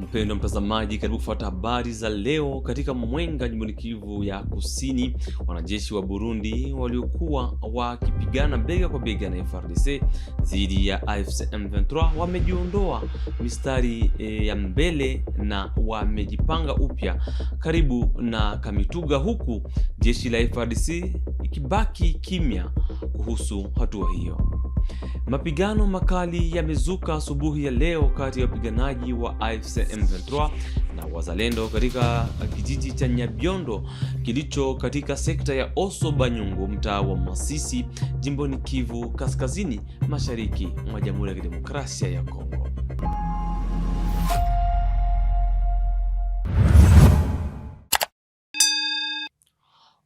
mpendo mtazamaji, karibu kufuata habari za leo katika Mwenga, jimboni Kivu ya Kusini. Wanajeshi wa Burundi waliokuwa wakipigana bega kwa bega na frdc dhidi ya afcm 23 wamejiondoa mistari eh, ya mbele na wamejipanga upya karibu na Kamituga, huku jeshi la frdc ikibaki kimya kuhusu hatua hiyo. Mapigano makali yamezuka asubuhi ya leo kati ya wapiganaji wa AFC M23 na wazalendo katika kijiji cha Nyabiondo kilicho katika sekta ya Oso Banyungu, mtaa wa Masisi, jimboni Kivu Kaskazini, mashariki mwa Jamhuri ya Kidemokrasia ya Kongo.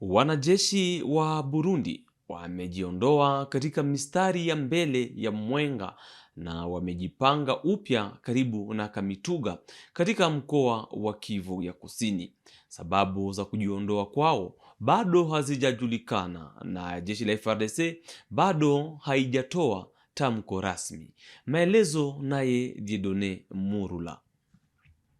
Wanajeshi wa Burundi wamejiondoa katika mistari ya mbele ya mwenga na wamejipanga upya karibu na Kamituga katika mkoa wa Kivu ya Kusini. Sababu za kujiondoa kwao bado hazijajulikana na jeshi la FARDC bado haijatoa tamko rasmi. Maelezo naye Jidone Murula.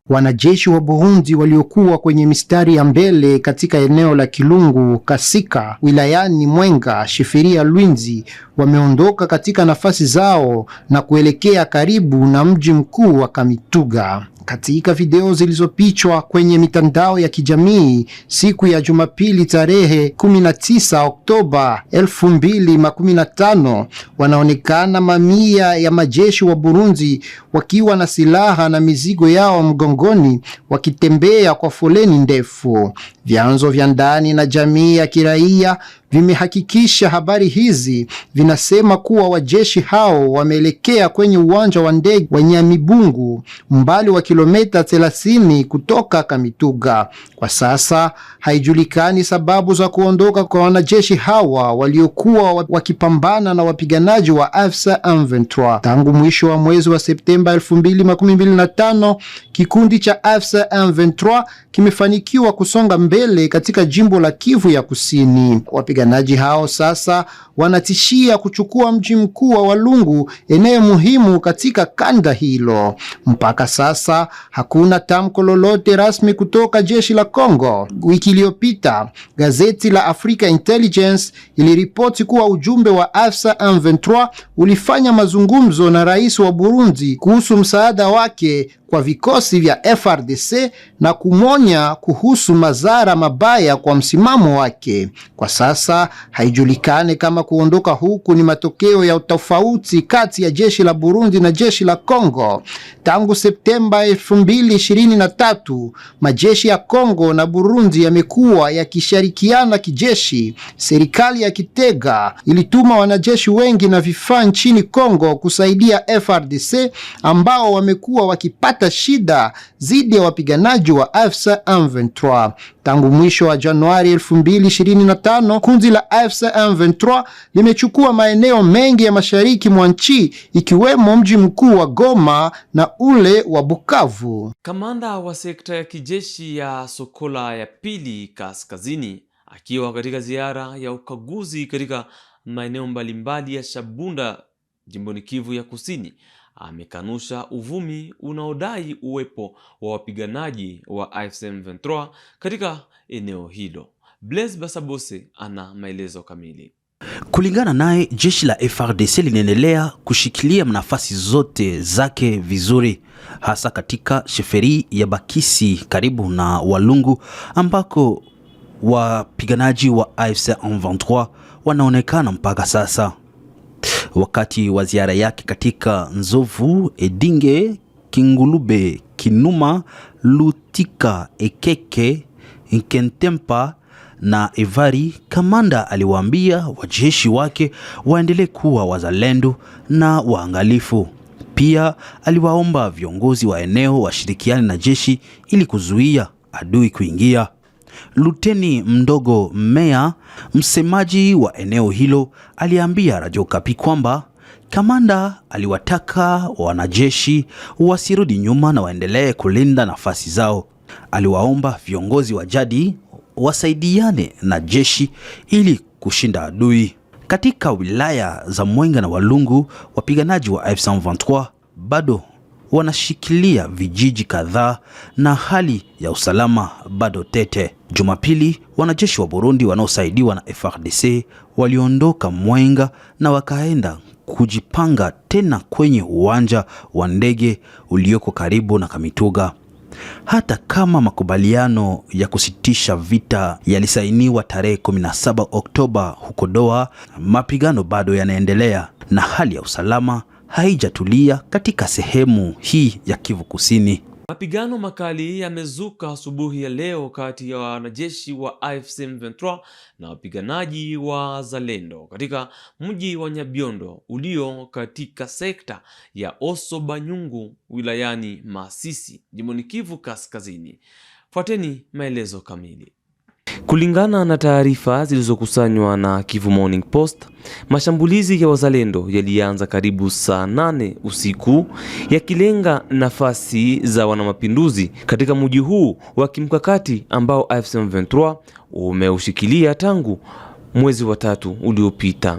Wanajeshi wa Burundi waliokuwa kwenye mistari ya mbele katika eneo la Kilungu Kasika wilayani Mwenga Shifiria Lwinzi wameondoka katika nafasi zao na kuelekea karibu na mji mkuu wa Kamituga. Katika video zilizopichwa kwenye mitandao ya kijamii siku ya Jumapili tarehe 19 Oktoba 2015, wanaonekana mamia ya majeshi wa Burundi wakiwa na silaha na mizigo yao mgongoni songoni wakitembea kwa foleni ndefu. Vyanzo vya ndani na jamii ya kiraia vimehakikisha habari hizi, vinasema kuwa wajeshi hao wameelekea kwenye uwanja wa ndege wa Nyamibungu, umbali wa kilomita 30 kutoka Kamituga. Kwa sasa haijulikani sababu za kuondoka kwa wanajeshi hawa waliokuwa wakipambana na wapiganaji wa AFSA M23 tangu mwisho wa mwezi wa Septemba 2025. Kikundi cha AFSA M23 kimefanikiwa kusonga mbele katika jimbo la Kivu ya Kusini. Wapiga Wapiganaji hao sasa wanatishia kuchukua mji mkuu wa Walungu, eneo muhimu katika kanda hilo. Mpaka sasa hakuna tamko lolote rasmi kutoka jeshi la Kongo. Wiki iliyopita gazeti la Africa Intelligence iliripoti kuwa ujumbe wa AFSA M23 ulifanya mazungumzo na rais wa Burundi kuhusu msaada wake kwa vikosi vya FRDC na kumwonya kuhusu madhara mabaya kwa msimamo wake. Kwa sasa sasa haijulikane kama kuondoka huku ni matokeo ya utofauti kati ya jeshi la Burundi na jeshi la Kongo. Tangu Septemba 2023 majeshi ya Kongo na Burundi yamekuwa yakishirikiana kijeshi. Serikali ya Kitega ilituma wanajeshi wengi na vifaa nchini Kongo kusaidia FRDC ambao wamekuwa wakipata shida dhidi ya wapiganaji wa AFC M23 tangu mwisho wa Januari 2025. Kundi la AFC M23 limechukua maeneo mengi ya mashariki mwa nchi ikiwemo mji mkuu wa Goma na ule wa Bukavu. Kamanda wa sekta ya kijeshi ya Sokola ya pili kaskazini akiwa katika ziara ya ukaguzi katika maeneo mbalimbali ya Shabunda jimboni Kivu ya Kusini amekanusha uvumi unaodai uwepo wa wapiganaji wa AFC M23 katika eneo hilo. Blaise Basabose ana maelezo kamili. Kulingana naye, jeshi la FRDC linaendelea kushikilia nafasi zote zake vizuri, hasa katika sheferi ya Bakisi karibu na Walungu ambako wapiganaji wa AFC M23 wanaonekana mpaka sasa. Wakati wa ziara yake katika Nzovu, Edinge, Kingulube, Kinuma, Lutika, Ekeke, Nkentempa na Ivari, kamanda aliwaambia wajeshi wake waendelee kuwa wazalendo na waangalifu. Pia aliwaomba viongozi wa eneo washirikiane na jeshi ili kuzuia adui kuingia. Luteni Mdogo Mmea, msemaji wa eneo hilo, aliambia Radio Kapi kwamba kamanda aliwataka wanajeshi wasirudi nyuma na waendelee kulinda nafasi zao. Aliwaomba viongozi wa jadi wasaidiane na jeshi ili kushinda adui. Katika wilaya za Mwenga na Walungu, wapiganaji wa f 23 bado wanashikilia vijiji kadhaa na hali ya usalama bado tete. Jumapili, wanajeshi wa Burundi wanaosaidiwa na FARDC waliondoka Mwenga na wakaenda kujipanga tena kwenye uwanja wa ndege ulioko karibu na Kamituga hata kama makubaliano ya kusitisha vita yalisainiwa tarehe 17 Oktoba huko Doha, mapigano bado yanaendelea na hali ya usalama haijatulia katika sehemu hii ya Kivu Kusini. Mapigano makali yamezuka asubuhi ya leo kati ya wanajeshi wa AFC M23 na wapiganaji wa Zalendo katika mji wa Nyabiondo ulio katika sekta ya banyungu wilayani Masisi, jimboni Kivu Kaskazini. Fuateni maelezo kamili. Kulingana na taarifa zilizokusanywa na Kivu Morning Post, mashambulizi ya wazalendo yalianza karibu saa nane usiku yakilenga nafasi za wanamapinduzi katika mji huu wa kimkakati ambao AFC M23 umeushikilia tangu mwezi wa tatu uliopita.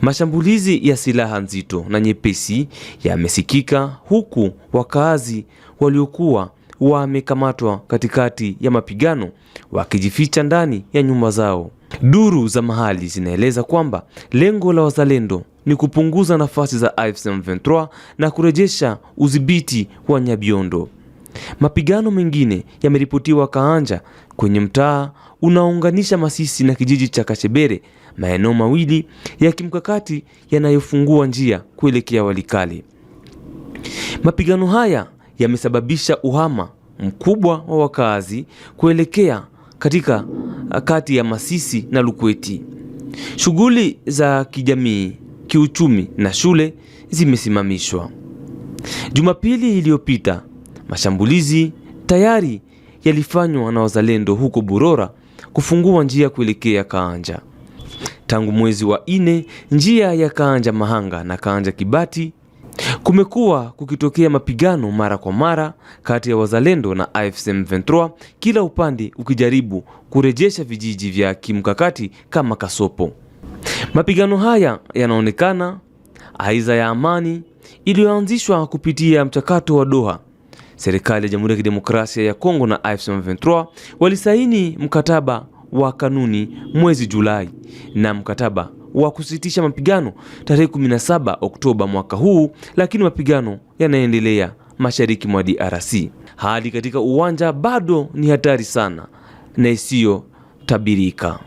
Mashambulizi ya silaha nzito na nyepesi yamesikika huku wakaazi waliokuwa wamekamatwa katikati ya mapigano wakijificha ndani ya nyumba zao. Duru za mahali zinaeleza kwamba lengo la wazalendo ni kupunguza nafasi za AFC M23 na kurejesha udhibiti wa Nyabiondo. Mapigano mengine yameripotiwa Kaanja kwenye mtaa unaounganisha Masisi na kijiji cha kashebere maeneo mawili ya kimkakati yanayofungua njia kuelekea Walikale. Mapigano haya yamesababisha uhama mkubwa wa wakazi kuelekea katika uh, kati ya Masisi na Lukweti. Shughuli za kijamii, kiuchumi na shule zimesimamishwa. Jumapili iliyopita, mashambulizi tayari yalifanywa na wazalendo huko Burora kufungua njia kuelekea Kaanja. Tangu mwezi wa nne, njia ya Kaanja Mahanga na Kaanja Kibati Kumekuwa kukitokea mapigano mara kwa mara kati ya wazalendo na AFC M23, kila upande ukijaribu kurejesha vijiji vya kimkakati kama Kasopo. Mapigano haya yanaonekana aiza ya amani iliyoanzishwa kupitia mchakato wa Doha. Serikali ya Jamhuri ya Kidemokrasia ya Kongo na AFC M23 walisaini mkataba wa kanuni mwezi Julai na mkataba wa kusitisha mapigano tarehe 17 Oktoba mwaka huu, lakini mapigano yanaendelea mashariki mwa DRC. Hali katika uwanja bado ni hatari sana na isiyotabirika.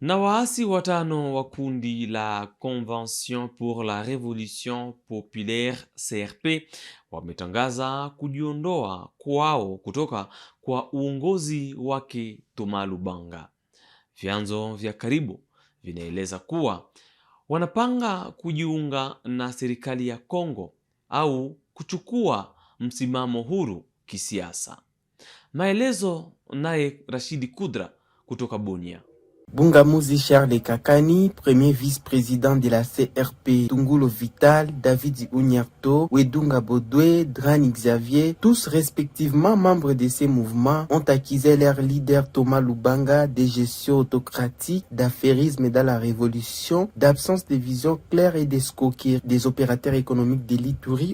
Na waasi watano wa kundi la Convention pour la Revolution Populaire CRP wametangaza kujiondoa kwao kutoka kwa uongozi wake Toma Lubanga. Vyanzo vya karibu vinaeleza kuwa wanapanga kujiunga na serikali ya Kongo au kuchukua msimamo huru kisiasa. Maelezo naye Rashidi Kudra kutoka Bunia. Bungamuzi Charles Kakani, premier vice-président de la CRP, Tungulo Vital, David Unyarto, Wedunga Bodwe, Drani Xavier, tous respectivement membres de ces mouvements, ont acquisé leur leader Thomas Lubanga des gestions autocratiques, d'affairisme dans la révolution, d'absence de vision claire et d'escoquer des opérateurs économiques de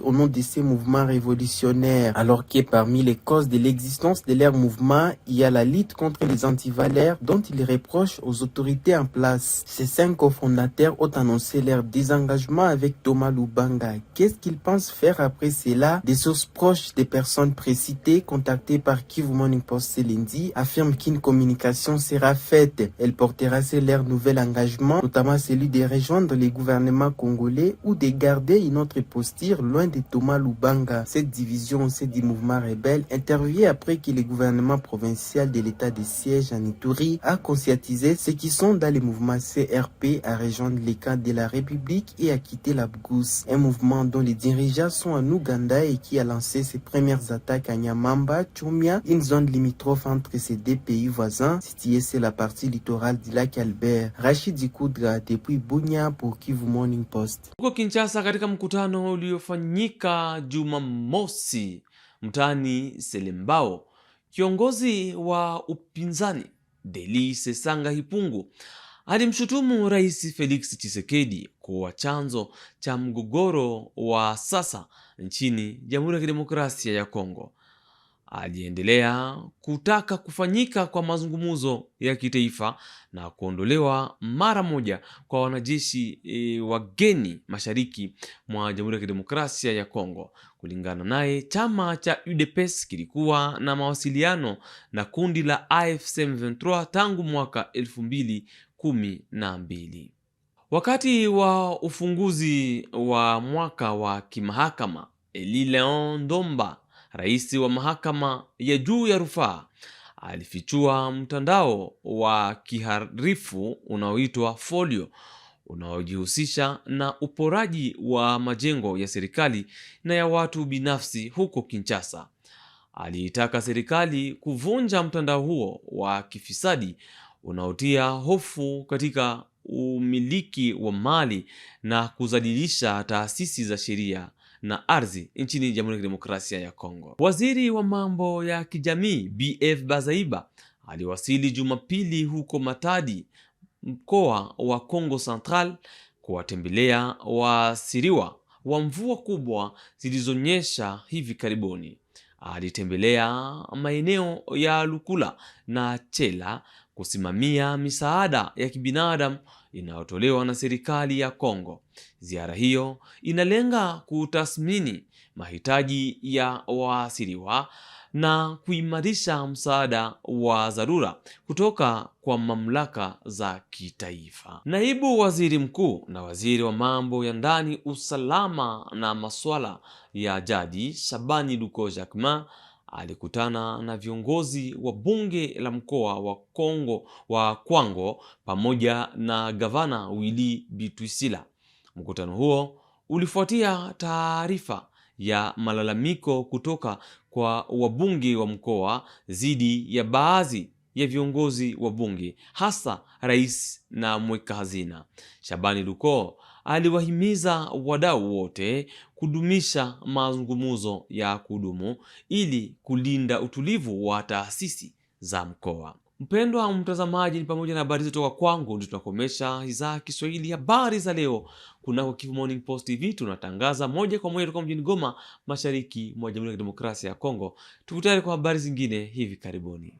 au nom de ces mouvements révolutionnaires. Alors que parmi les causes de l'existence de leur mouvement, il y a la lutte contre les antivalaires dont ils reprochent aux autorités en place. Ces cinq cofondateurs ont annoncé leur désengagement avec Thomas Lubanga. Qu'est-ce qu'ils pensent faire après cela Des sources proches des personnes précitées contactées par Kivu Morning Post lundi affirment qu'une communication sera faite. Elle portera sur leur nouvel engagement, notamment celui de rejoindre les gouvernements congolais ou de garder une autre posture loin de Thomas Lubanga. Cette division c'est du mouvement rebelle intervient après que le gouvernement provincial de l'état de siège en Ituri a conscientisé ceux qui sont dans le mouvement CRP à rejoindre les camps de la République et à quitter la Bgousse, un mouvement dont les dirigeants sont en Ouganda et qui a lancé ses premières attaques à Nyamamba, Chumia, une zone limitrophe entre ces deux pays voisins, située sur la partie littorale du lac Albert. Rachid Koudra depuis Bunya pour Kivu Morning Post. Huko katika mkutano uliofanyika Jumamosi mtaani Selembao, kiongozi wa upinzani deli sesanga Hipungu alimshutumu Rais Felix Tshisekedi kuwa chanzo cha mgogoro wa sasa nchini Jamhuri ya Kidemokrasia ya Kongo aliendelea kutaka kufanyika kwa mazungumzo ya kitaifa na kuondolewa mara moja kwa wanajeshi e, wageni mashariki mwa Jamhuri ya Kidemokrasia ya Kongo. Kulingana naye, chama cha UDPS kilikuwa na mawasiliano na kundi la AFC M23 tangu mwaka elfu mbili kumi na mbili. Wakati wa ufunguzi wa mwaka wa kimahakama, Eli Leon Ndomba rais wa mahakama ya juu ya rufaa alifichua mtandao wa kiharifu unaoitwa Folio unaojihusisha na uporaji wa majengo ya serikali na ya watu binafsi huko Kinshasa. Aliitaka serikali kuvunja mtandao huo wa kifisadi unaotia hofu katika umiliki wa mali na kuzalilisha taasisi za sheria na ardhi nchini Jamhuri ya Kidemokrasia ya Kongo. Waziri wa mambo ya kijamii BF Bazaiba aliwasili Jumapili huko Matadi, mkoa wa Kongo Central, kuwatembelea waasiriwa wa mvua kubwa zilizonyesha hivi karibuni. Alitembelea maeneo ya Lukula na Chela kusimamia misaada ya kibinadamu inayotolewa na serikali ya Kongo. Ziara hiyo inalenga kutathmini mahitaji ya waasiriwa na kuimarisha msaada wa dharura kutoka kwa mamlaka za kitaifa. Naibu Waziri Mkuu na Waziri wa Mambo ya Ndani, Usalama na Masuala ya Jadi, Shabani Duko Jacquemain alikutana na viongozi wa bunge la mkoa wa Kongo wa Kwango pamoja na gavana Willy Bitwisila. Mkutano huo ulifuatia taarifa ya malalamiko kutoka kwa wabunge wa mkoa dhidi ya baadhi ya viongozi wa bunge hasa rais na mweka hazina Shabani Lukoo aliwahimiza wadau wote kudumisha mazungumzo ya kudumu ili kulinda utulivu wa taasisi za mkoa. Mpendwa mtazamaji, ni pamoja na habari zitoka kwangu, ndio tunakomesha idhaa ya Kiswahili habari za leo kunako Kivu Morning Post TV. Tunatangaza moja kwa moja kutoka mjini Goma, mashariki mwa Jamhuri ya Kidemokrasia ya Kongo. Tukutane kwa habari zingine hivi karibuni.